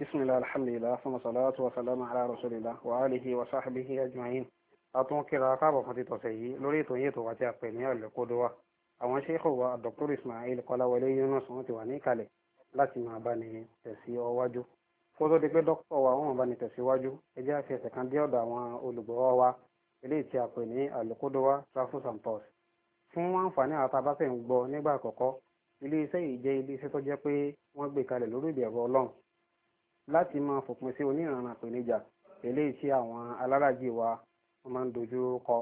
بسم الله الحمد لله ثم صلاة وسلام على رسول الله وآله وصحبه أجمعين أتون كرا كابو فتي توسي لوري تو يتو واتي أبني القدوة àwọn ṣéèkù wa dr ismail kọláwọlé yunus wọn ti wà ní ìkàlẹ̀ láti máa bá ní tẹ̀síwájú kó tó di pé dókítà wa wọn bá ní tẹ̀síwájú ẹ jẹ́ àfi ẹ̀sẹ̀ kan dé ọ̀dọ̀ àwọn olùgbọ́wọ́ wa eléyìí tí a pè ní alukodowa travels and tours fún àǹfààní àwọn ń gbọ́ nígbà àkọ́kọ́ ilé iṣẹ́ yìí jẹ́ ilé iṣẹ́ tó jẹ́ pé wọ́n gbé kalẹ̀ lórí ìbẹ̀rù ọlọ́run láti máa fòpin sí oníranran ìpèníjà eléyìí tí àwọn alárajì wa wọ́n máa ń dojú kọ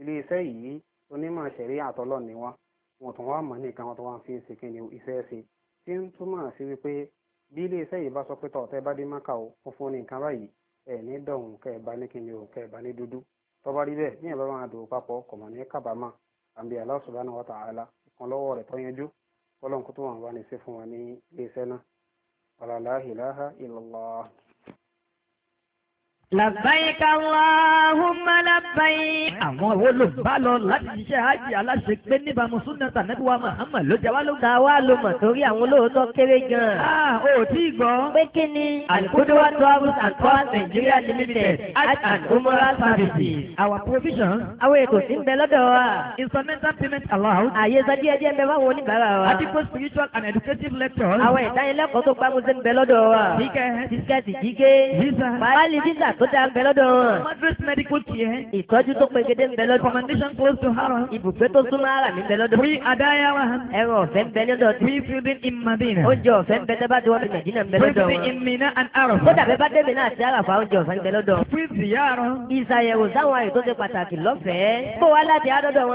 iléeṣẹ́ yìí onímọ̀ ṣẹ̀rí àtọ́lọ̀ ni wọ́n wọ́n tún wá mọ̀ nìkan wọ́n tún wá fi ṣe kíni iṣẹ́ ṣe tí ń túmọ̀ sí wípé bí iléeṣẹ́ yìí bá sọ pé tọ̀tẹ́ bá dé máka o ó fún ní nǹkan báyìí ẹ̀ ní dọ̀hún kẹ́ ẹ̀ bá ní kíni o kẹ́ ẹ̀ bá ní dúdú tọ́ba rí bẹ́ẹ̀ ní bá máa dòwò papọ̀ kò mọ̀ ní kábàámọ̀ àbí Allah subhanahu wa ta'ala kan lọ́wọ́ rẹ̀ tọ́yanjú kọ́lọ́n tó wọn wá ní sí fún wa ní iléeṣẹ́ náà ولا لا إله إلا الله Làbáyíká Allahumma làbáyí. Àwọn wo ló bá lọ láti ṣiṣẹ́ hajj aláṣẹ pé níbàámu súnà tànẹ́bí wa Muhammad ló jẹ́ wá ló. Ta ló mọ̀ torí àwọn olóòótọ́ kéré gan Ah, o tí ì gbọ́. Pé kí ni? Alikuduwa Travels and Tours Nigeria Limited Hajj and Umrah Services. Our provision. Àwọn ètò tí ń bẹ lọ́dọ̀ wa. Instrumental payment allowed. Àyè sọ díẹ̀ díẹ̀ bẹ fáwọn oníbàárà wa. Adigun spiritual and educative lectures. Àwọn ìdánilẹ́kọ̀ọ́ tó gbámúsẹ́ ń bẹ lọ́dọ̀ wa. Tíkẹ́. Tíkẹ́ tì tó dáa ń bẹ lọ́dọ̀ wọn. Madras medical care. Ìtọ́jú tó pegede ń bẹ lọ́dọ̀. Commendation close to Haram. Ibùgbé tó súnmọ́ ara mi ń bẹ lọ́dọ̀. Free Adayawa. Ẹ̀rọ ọ̀fẹ́ ń bẹ lọ́dọ̀. Free building in Madina. Oúnjẹ ọ̀fẹ́ ń bẹ tẹ́ bá dé wọ́n Nàìjíríà ń bẹ lọ́dọ̀ wọn. Free in Mina and Arab. Kódà bẹ́ẹ̀ bá débi náà sí àràfà oúnjẹ ọ̀fẹ́ ń bẹ lọ́dọ̀. Free ziyara. Ìsàyẹ̀wò sáwọn àyè tó ṣe pàtàkì lọ́fẹ̀ẹ́. Kó wá láti àdọ́dọ̀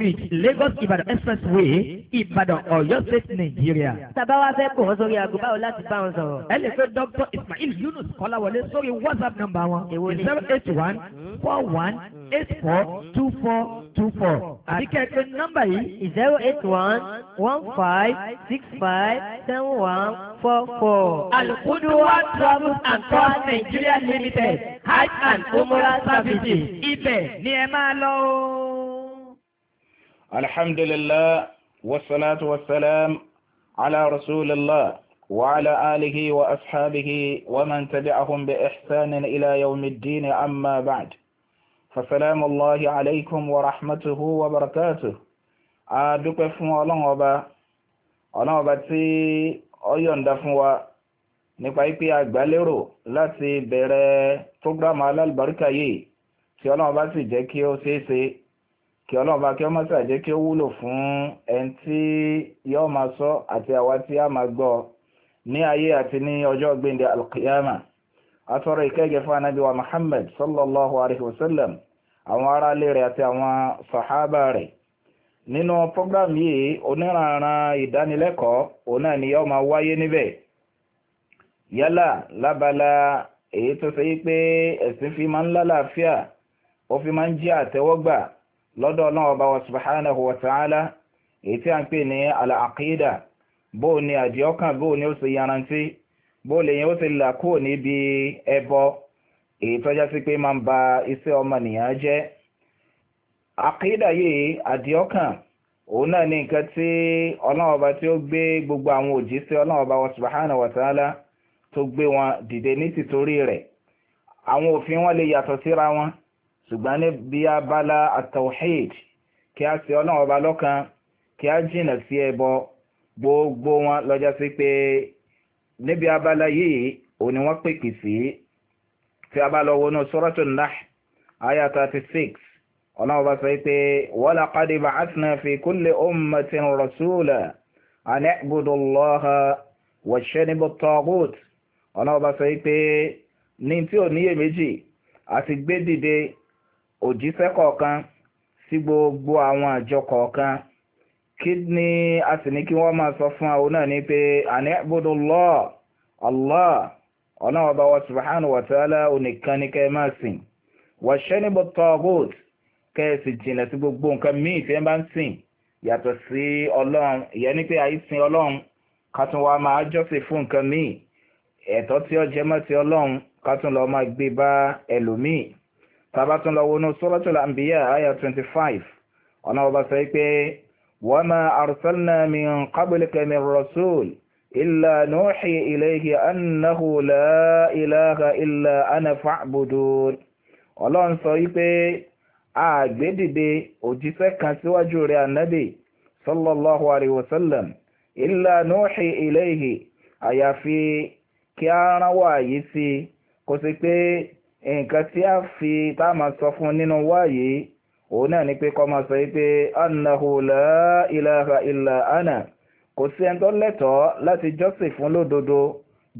Bridge, Lagos Ibadan Expressway, Ibadan Ọ̀yọ́ State, Nàìjíríà. Tàbá wa fẹ́ kò wọ́n sórí bá wọn dr ismail yunus kọ́láwọlé sórí whatsapp number wọn zero eight one four one eight four two four two four. àbí kẹ́kẹ́ nọ́mbà yìí zero eight one one five six five seven one four four. alukuduwa travels and tours nigeria limited hajj and umrah services ibẹ̀ ni ẹ máa lọ o. alhamdulillah wasalaatu wasalaam ala rasulillah. وعلى آله وأصحابه ومن تبعهم بإحسان إلى يوم الدين أما بعد فسلام الله عليكم ورحمته وبركاته أدوك فún Ọlọ́run Ọba Ọlọ́run Ọba tí ó yọ̀ǹda fún wa nípa ipe àgbálérò láti bẹ̀rẹ̀ prógrámù alálùbáríkà yìí tí Ọlọ́run Ọba sì jẹ́ kí ó ṣeé ṣe kí Ọlọ́run Ọba kí ó má ṣàjẹ́ kí ó wúlò fún ẹni tí yóò máa sọ àti àwa tí a máa gbọ́ ọ ní ayé àti ní ọjọ́ gbẹ̀ndẹ̀ alkiyama atọ́rọ ìkẹ́gẹ́ fún anábí wa muhammad sallallahu alaihi wasallam àwọn ará ilé rẹ̀ àti àwọn sàhábà rẹ̀ nínú program yìí oníranran ìdánilẹ́kọ̀ọ́ òun náà ni yóò máa wáyé níbẹ̀ yálà lábala èyí tó ṣe pé ẹ̀sìn fi máa ń lálàáfíà ó fi máa ń jẹ́ àtẹ́wọ́gbà lọ́dọ̀ ọlọ́run ọba wa subhanahu wa ta'ala èyí tí a ń pè ní al bóò ni àdìọ́kàn bóò ni ó sì yarantí bóò lèyìn ó sì là kúrò níbi ẹbọ èyí tọ́já sí pé máa ń ba iṣẹ́ ọmọnìyàn jẹ́ àkídà yìí àdìọ́kàn òun náà ní nǹkan tí ọlọ́run ọba tí ó gbé gbogbo àwọn òjíṣẹ́ ọlọ́run ọba tó gbé wọn dìde ní tìtorí rẹ̀ àwọn òfin wọn lè yàtọ̀ síra wọn ṣùgbọ́n abala kí a ṣe ọlọ́run ọba kí a sí ẹbọ gbogbo wọn lọ́jọ́ sí pé níbi abala yìí òní wọ́n pèkì sí tí a bá lọ wọnú Suratun Nahl aya 36 ọlọ́wọ́ bá sọ pé walaqad ba'athna fi kulli ummatin rasula an i'budu Allaha wajtanibu at-taghut ọlọ́wọ́ bá sọ pé ní tí ò níyè méjì àti gbé dìde òjíṣẹ́ kọ̀ọ̀kan sí gbogbo àwọn àjọ kọ̀ọ̀kan kí ni a sì ní kí wọ́n máa sọ fún àwọn náà ní pé àní àbúdó lọ́ allah ọ̀nà ọba wa subhanahu wa ta'ala onìkan ní kẹ́ máa sìn wà ṣẹ́ níbo tọ́gùt kẹ́ ẹ sì jìnà sí gbogbo nǹkan míì tí ẹ bá ń sìn yàtọ̀ sí ọlọ́run ìyẹn ní pé àìsìn ọlọ́run ká tún máa jọ́sìn fún nǹkan míì ẹ̀tọ́ tí ó jẹ́ mọ́ ọlọ́run ká lọ máa gbé bá ẹlòmíì tá lọ wọnú suratul anbiya àyà twenty five ọ̀nà ọba sọ pé وما أرسلنا من قبلك من رسول إلا نوحي إليه أنه لا إله إلا أنا فاعبدون ọlọ́run sọ wípé àgbédìde òjíṣẹ́ kan síwájú rẹ̀ ànábì sallallahu alayhi wa sallam illa nuhi ilayhi àyàfi kí a rán wáyé sí kò sí pé nǹkan tí a fi tá sọ fún nínú wáyé òun náà ni pé kọ́ máa sọ pé annahu ilaha illa ana kò sí ẹni tó lẹ́tọ̀ọ́ láti jọ́sìn fún lódodo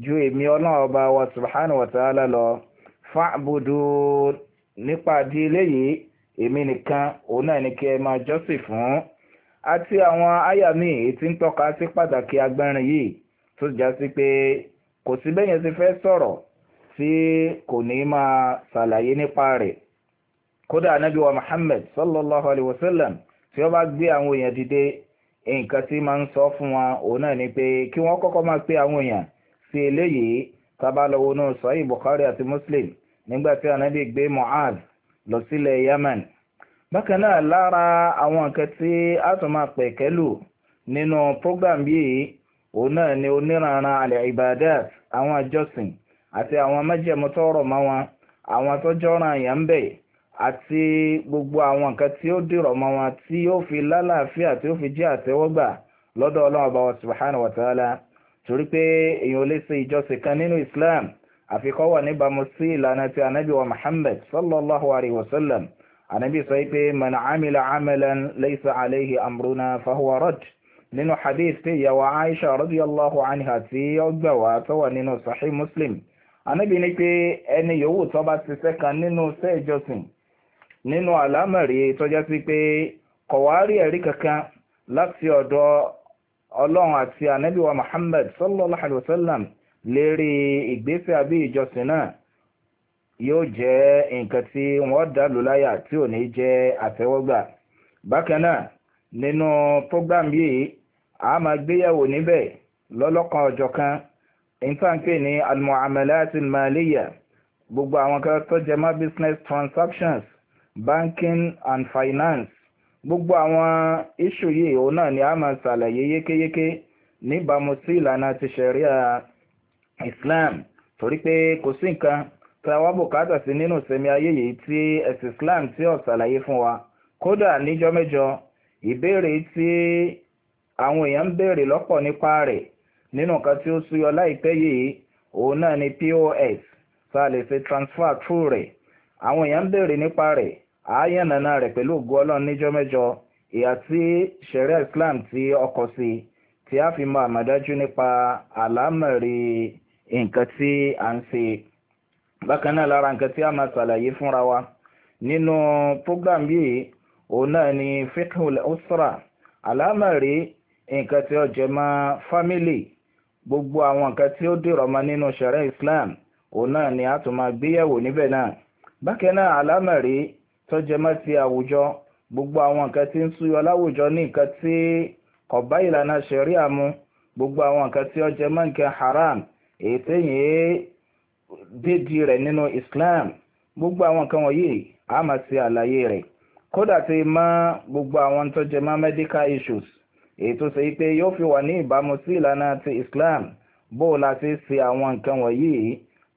ju èmi ọlọ́run ọba wa subhanahu wa ta'ala lọ fa'budu nípa di eléyìí èmi nìkan òun náà ni kí ẹ máa jọ́sìn fún àti àwọn àyà míì èyí tí ń tọ́ka sí pàtàkì agbẹ́rin yìí tó já sí pé kò sí bẹ́yẹn ti fẹ́ sọ̀rọ̀ tí kò ní máa ṣàlàyé nípa rẹ̀ kódà anábì wa Muhammad sallallahu alayhi wa sallam tí ó bá gbé àwọn èèyàn dìde nǹkan tí máa ń sọ fún wa òun náà ni pé kí wọ́n kọ́kọ́ máa pe àwọn èèyàn sí eléyìí tábàlọ́wọ́ náà sọ́yìn Bukhari àti Muslim nígbà tí anábì gbé Mu'adh lọ sílẹ̀ Yemen bákan náà lára àwọn nǹkan tí a tún máa pè kẹ́lù nínú program yìí òun náà ni oníranran alẹ́ ibadat àwọn àjọsìn àti àwọn májẹ̀mú tó rọ̀ wọn àwọn tó jọ́ràn yẹn àti gbogbo àwọn nǹkan tí ó dìrọ̀ mọ́ wọn tí ó fi lálàáfíà tí ó fi jẹ́ àtẹ́wọ́gbà lọ́dọ̀ ọlọ́run ọba wa subhanahu wa ta'ala torí pé èèyàn ò lè ṣe ìjọsìn kan nínú islam àfikọ́ wà níbàámu sí ìlànà ti anabi wa muhammad sallallahu alayhi wa sallam anabi sọ pé man amila amalan laysa alayhi amruna fahuwa rad nínú hadith tí ìyàwó aisha radiyallahu anha tí ó gbà tó wà nínú sahih muslim anabi ní pé ẹni yòówù tó bá ṣiṣẹ́ kan nínú iṣẹ́ ìjọsìn nínú àlámẹ̀rí tọ́já sí pé kọ̀wárí ẹ̀rí kankan láti ọ̀dọ̀ ọlọ́run àti ànábìwa Muhammad sallallahu alayhi wa sallam lérí ìgbésẹ̀ àbí ìjọsìn náà yóò jẹ́ nǹkan tí wọ́n dá lù láyà tí ò ní jẹ́ àtẹ́wọ́gbà bákan náà nínú program yìí a máa gbéyàwó níbẹ̀ lọ́lọ́kan ọjọ́ kan ìtànkè ní almuamalat almaliya gbogbo àwọn kan tó jẹ mọ́ business transactions banking and finance gbogbo àwọn iṣu yìí òun náà ni a máa ṣàlàyé yékéyéké níbàámu sí ìlànà ti ṣẹ̀ríà Islam torí pé kò sí nǹkan tí a wá bùkátà sí nínú ìsẹ̀mí ayé yìí tí ẹ̀sìn Islam tí ó ṣàlàyé fún wa kódà níjọ́ mẹ́jọ ìbéèrè tí àwọn èèyàn ń béèrè lọ́pọ̀ nípa rẹ̀ nínú nǹkan tí ó súyọ láìpẹ́ yìí òun náà ni POS tá a lè ṣe transfer through rẹ̀ àwọn èèyàn ń béèrè nípa rẹ̀ àáyànnàna rẹ̀ pẹ̀lú ògo ọlọ́run níjọ́ mẹ́jọ ìyà tí sẹ̀rẹ̀ islam ti ọkọ̀ sí tí a fi mọ àmọ̀dájú nípa àlámọ̀rí nǹkan tí a ń ṣe bákan náà lára nǹkan tí a máa ṣàlàyé fúnra wa nínú program yìí òun náà ni fikhul usra àlámọ̀rí nǹkan tí ó jẹ mọ́ fámìlì gbogbo àwọn nǹkan tí ó dìrọ̀ mọ́ nínú sẹ̀rẹ̀ islam òun náà ni a tún máa gbéyẹ̀wò níbẹ̀ náà bákan náà àlámọ̀rí tó jẹ mọ́ ti àwùjọ gbogbo àwọn nǹkan tí ń súyọ láwùjọ ní nǹkan tí kò bá ìlànà ṣẹ̀ríà mu gbogbo àwọn nǹkan tí ó jẹ mọ́ nǹkan haram èyí téèyàn dédi rẹ̀ nínú Islam gbogbo àwọn nǹkan wọ̀nyí a máa ṣe àlàyé rẹ̀ kódà ti mọ gbogbo àwọn tó jẹ mọ́ medical issues èyí tó ṣe pé yóò fi wà ní ìbámu sí ìlànà ti Islam bó o la ṣe ṣe àwọn nǹkan wọ̀nyí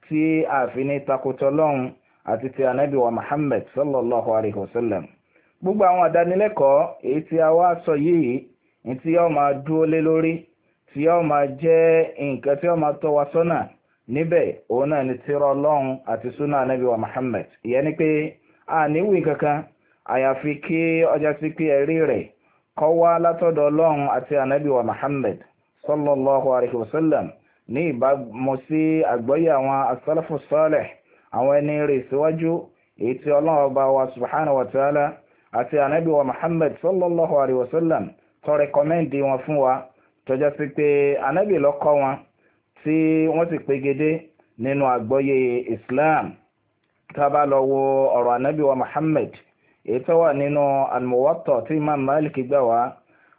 tí a fi ní takotọ́ lọ́hùn àti ti anabi wa muhammad sallallahu alayhi wa sallam gbogbo àwọn àdánilẹ́kọ̀ọ́ èyí tí a wá sọ yìí ní tí yóò máa dúró lé lórí tí yóò máa jẹ́ nǹkan tí yóò máa tọ́ wa sọ́nà níbẹ̀ òun náà ni tírà ọlọ́run àti súnà anabi wa muhammad ìyẹn ni pé a níwì kankan àyàfi kí ọjà sí pé ẹ̀rí rẹ̀ kọ́ wá látọ̀dọ̀ ọlọ́run àti anabi wa muhammad sallallahu alayhi wa sallam ní ìbámu sí àgbọ́yé àwọn asálàfù sálíhì àwọn ẹni rẹ̀ síwájú èyí tí ọlọ́run ọba wa subhanahu wa ta'ala àti ànábì wa muhammad sallallahu alayhi wa sallam tó rẹkọmẹ́ndì wọn fún wa tọ́jọ́ sí pé ànábì ló kọ́ wọn tí wọ́n ti pegedé nínú àgbọ́yé islam tá bá ọ̀rọ̀ ànábì wa muhammad èyí tó wà nínú al tí imam malik gbà wá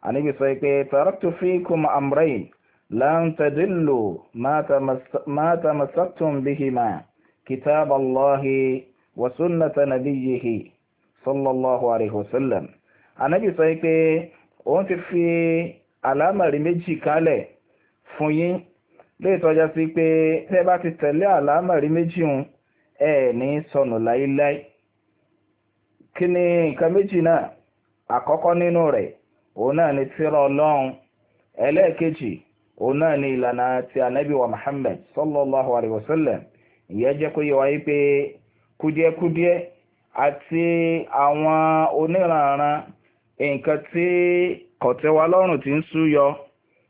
ànábì sọ pé taraktu fikum amrayn lan tadillu ma tamassaktum bihima. كتاب الله وسنة نبيه صلى الله عليه وسلم anabi sọ pé òun ti fi àlámọ̀rí méjì kalẹ̀ fún yín léètọ́já sí pé tẹ́ bá ti tẹ̀lé àlámọ̀rí méjì hun ẹ̀ ní sọnù láíláí kí ni nǹkan méjì náà àkọ́kọ́ nínú rẹ̀ òun náà ni tírà ọlọ́run ẹlẹ́ẹ̀kejì òun náà ni ìlànà ti ànábì wa muhammad sallallahu alayhi wa sallam ìyẹn jẹ́ kó yẹ wáyé pé kúdíẹ̀kúdíẹ̀ àti àwọn oníranran nǹkan tí kọ̀tẹ́wa lọ́rùn ti ń súyọ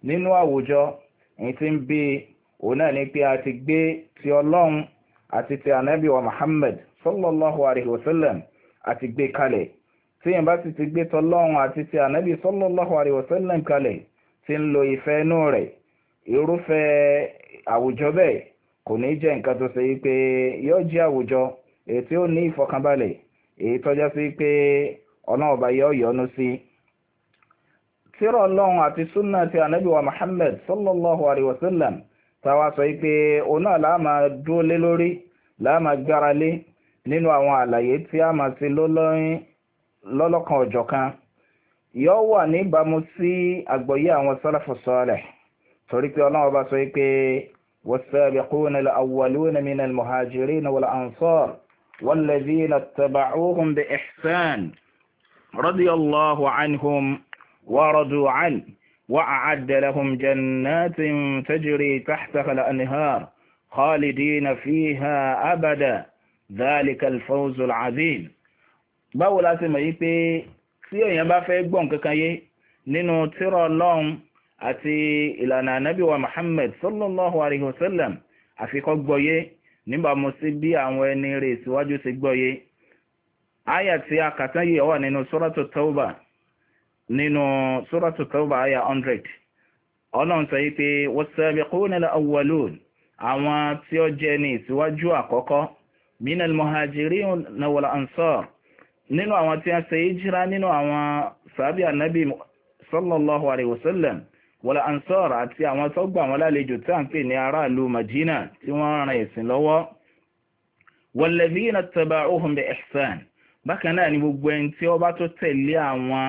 nínú àwùjọ ní ti ń bí òun náà ni pé a ti gbé ti ọlọ́run àti ti ànábì wa Muhammad sallallahu alayhi wa sallam àti gbé kalẹ̀ tí yẹn bá sì ti gbé tọlọ́run àti ti ànábì sallallahu alayhi wa sallam kalẹ̀ ti ń lo ìfẹ́ inú rẹ̀ irúfẹ́ àwùjọ bẹ́ẹ̀ kò ní jẹ́ nǹkan tó ṣe wípé yóò jẹ́ àwùjọ èyí tí ó ní ìfọkànbalẹ̀ èyí tọ́já sí pé ọ̀nà ọba yóò yọ́nú sí. tírà ọlọ́run àti súnà ti ànábì wa Muhammad sallallahu alayhi wa sallam táwa sọ wípé òun náà la máa dúró lé lórí la máa gbára lé nínú àwọn àlàyé tí a máa ṣe lọ́lọ́rin lọ́lọ́kan ọ̀jọ̀kan yóò wà níbàámu sí àgbọ́yé àwọn sálàfù sọ́ọ̀lẹ̀ torí pé ọlọ́run ọba sọ wípé والسابقون الأولون من المهاجرين والأنصار والذين اتبعوهم بإحسان رضي الله عنهم ورضوا عنه وأعد لهم جنات تجري تحتها الأنهار خالدين فيها أبدا ذلك الفوز العظيم báwo la ṣe mọ̀ yí pé tí èèyàn bá àti ìlànà ànábìwà Muhammad sallallahu alayhi wa sallam àfikọ́ gbọ́yé níbàámu sí bí àwọn ẹni rẹ̀ síwájú ti gbọ́yé àyà tí a kàtá yìí wà nínú suratu tauba nínú suratu tauba àyà 100 ọlọ́run sọ yìí pé sallallahu alayhi wa sallam wọ́lá ansar àti àwọn tó gbà wọn lálejò tí a ń pè ní aráàlú madina tí wọ́n ran ẹ̀sìn lọ́wọ́ walladhina taba'uhum bi ihsan bákan náà ni gbogbo ẹni tí ó bá tó tẹ̀lé àwọn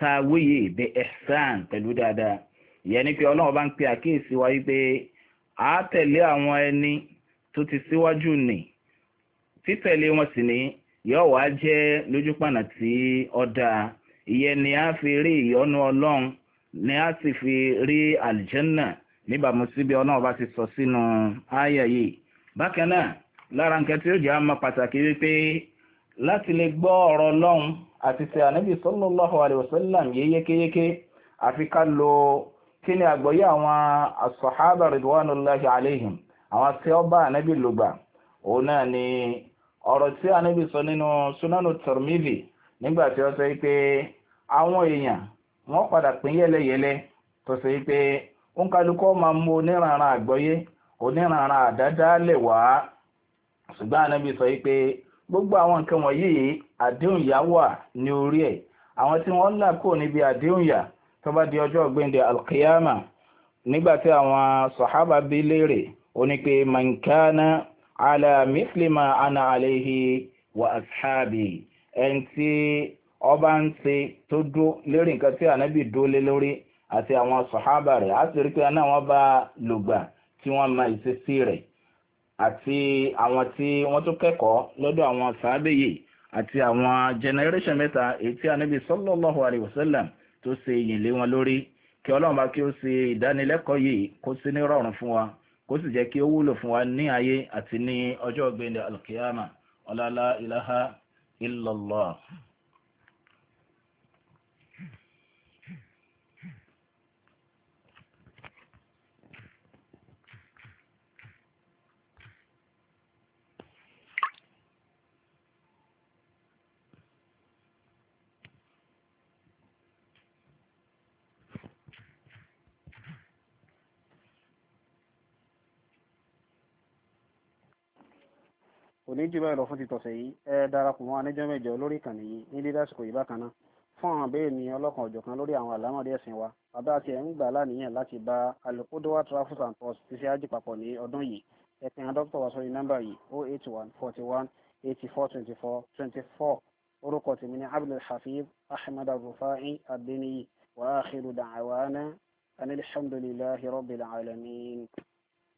tawíyè bi ihsan pẹ̀lú dáadáa ìyẹn ni pé ọlọ́run ni a sì fi rí àlìjẹ́nà níbàámu síbi ọ̀nà ọba ti sọ sínú ààyè yìí bákan náà lára nǹkan tí ó jẹ́ àmọ́ pàtàkì wípé láti lè gbọ́ ọ̀rọ̀ ọlọ́run àti ti ànábì sallallahu alaihi wasallam yékéyéké àfi ká lo kí ni àgbọ́yé àwọn as-sahaba ridwanullahi alaihim àwọn tí ó bá ànábì lògbà òun náà ni ọ̀rọ̀ tí ànábì sọ nínú sunanu Tirmidhi nígbà tí ó sọ pé àwọn èèyàn wọ́n padà pín yẹ́lẹyẹ̀lẹ tó ṣe pé òǹkálukọ́ máa mú oníranran àgbọ́yé oníranran àdádálẹ̀ wá ṣùgbọ́n ànábì sọ pé gbogbo àwọn nǹkan wọ̀nyí àdéhùn yá wà ní orí ẹ̀ àwọn tí wọ́n là kúrò níbi àdéhùn yá tó bá di ọjọ́ ọ̀gbẹ́ndẹ̀ alkiyama nígbà tí àwọn sọ̀hábà bí léèrè ó pé mankana ala mislima ana wa ashabi ẹni tí ọba ń ṣe tó dó lérí nǹkan tí ànábì dólé lórí àti àwọn sọ̀hábà rẹ̀ á sì rí pé àná wọn bá lògbà tí wọ́n mọ ìṣesí rẹ̀ àti àwọn tí wọ́n tún kẹ́kọ̀ọ́ lọ́dọ̀ àwọn sàábé yìí àti àwọn generation mẹ́ta èyí tí ànábì sallallahu alaihi wasallam tó ṣe ìyìn lé wọn lórí kí ọlọ́run bá kí ó ṣe ìdánilẹ́kọ̀ọ́ yìí kó sí ní rọrùn fún wa kó sì jẹ́ kí ó wúlò fún wa ní ayé àti ní ọjọ́ ọ̀gbẹ́ni alkiyama ọlọ́lá ilaha illallah. òní jù báyìí lọ fún ti tọ̀sẹ̀ yìí ẹ darapọ̀ mọ́ anijọ́ mẹ́jọ lórí ìkànnì yìí ní dídá àsìkò yìí bákan náà fún àwọn abẹ́rẹ́ ní ọlọ́kan ọ̀jọ̀kan lórí àwọn àlámọ̀rí ẹ̀sìn wa bàbá àti ẹ̀ ń gbà láníyàn láti bá alukodowa travels and tours ti ṣe ájì papọ̀ ní ọdún yìí ẹ pe àwọn dókítà wa sórí nọ́mbà yìí o oh eight one forty one eighty four twenty four twenty four orúkọ tèmi ní abdul ahmed arufai adeniyi wa akhiru da'wana